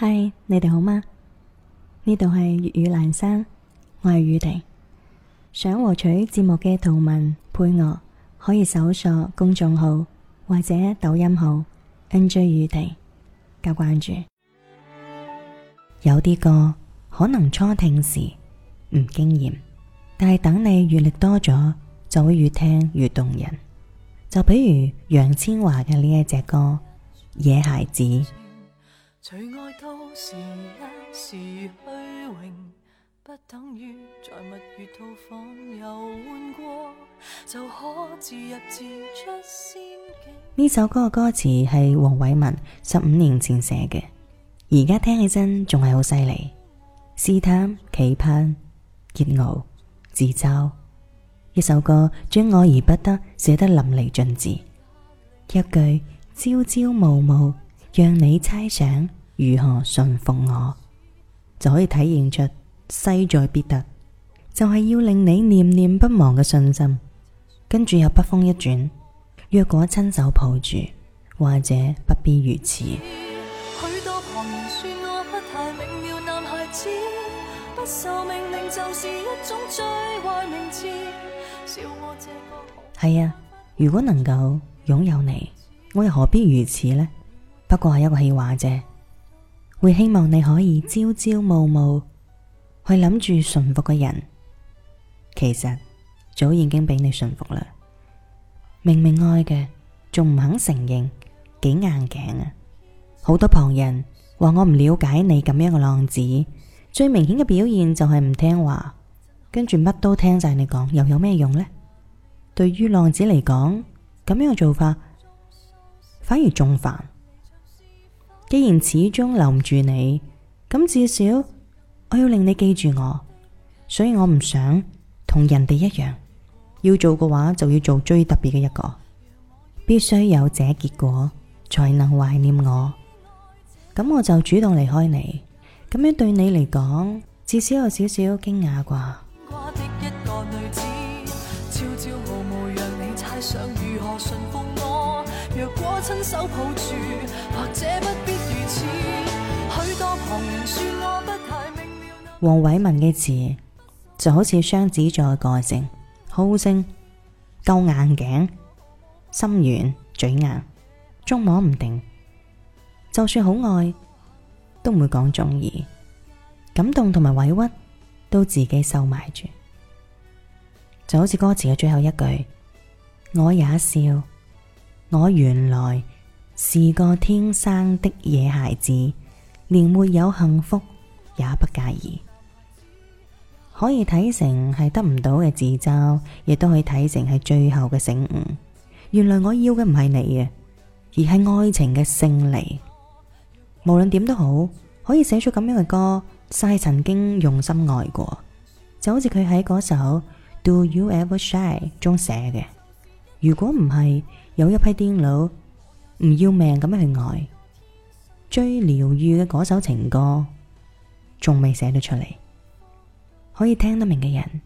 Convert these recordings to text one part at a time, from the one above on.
嗨，Hi，你哋好嗎？呢度係粵語闌山，我係宇婷。想獲取節目嘅圖文配樂，可以搜索公眾號或者抖音號 N J 宇婷加關注。有啲歌可能初聽時唔驚艷，但係等你閱歷多咗，就會越聽越動人。就比如楊千嬅嘅呢一隻歌《野孩子》。除外都是一時虛榮，不等於在蜜月套房遊玩過，就可自入自出仙境。呢首歌嘅歌詞係黃偉文十五年前寫嘅，而家聽起身仲係好犀利。試探、期盼、煎熬、自嘲，一首歌將愛而不得寫得淋漓盡致，一句朝朝暮暮讓你猜想。如何信服我，就可以體現出勢在必得。就係、是、要令你念念不忘嘅信心。跟住又筆鋒一轉，若果親手抱住，或者不必如此。係啊，如果能夠擁有你，我又何必如此呢？不過係一個氣話啫。會希望你可以朝朝暮暮去諗住馴服嘅人，其實早已經俾你馴服啦。明明愛嘅，仲唔肯承認，幾硬頸啊！好多旁人話我唔了解你咁樣嘅浪子，最明顯嘅表現就係唔聽話，跟住乜都聽晒你講，又有咩用呢？對於浪子嚟講，咁樣嘅做法反而仲煩。既然始終留唔住你，咁至少我要令你記住我，所以我唔想同人哋一樣，要做嘅話就要做最特別嘅一個，必須有這結果才能懷念我。咁我就主動離開你，咁樣對你嚟講，至少有少少驚訝啩。或者不必如此。許多旁人說我不太明瞭，黃偉文嘅詞就好似雙子座嘅個性，好勝，夠硬頸，心軟嘴硬，捉摸唔定。就算好愛，都唔會講中意。感動同埋委屈，都自己收埋住。就好似歌詞嘅最後一句，我也笑。我原來是個天生的野孩子，連沒有幸福也不介意。可以睇成係得唔到嘅自嘲，亦都可以睇成係最後嘅醒悟。原來我要嘅唔係你嘅，而係愛情嘅勝利。無論點都好，可以寫出咁樣嘅歌，晒曾經用心愛過。就好似佢喺嗰首《Do You Ever Shine》中寫嘅。如果唔係，有一批癲佬唔要命咁樣去愛，最療癒嘅嗰首情歌，仲未寫得出嚟，可以聽得明嘅人，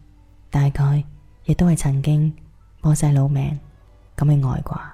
大概亦都係曾經搏晒老命咁去愛啩。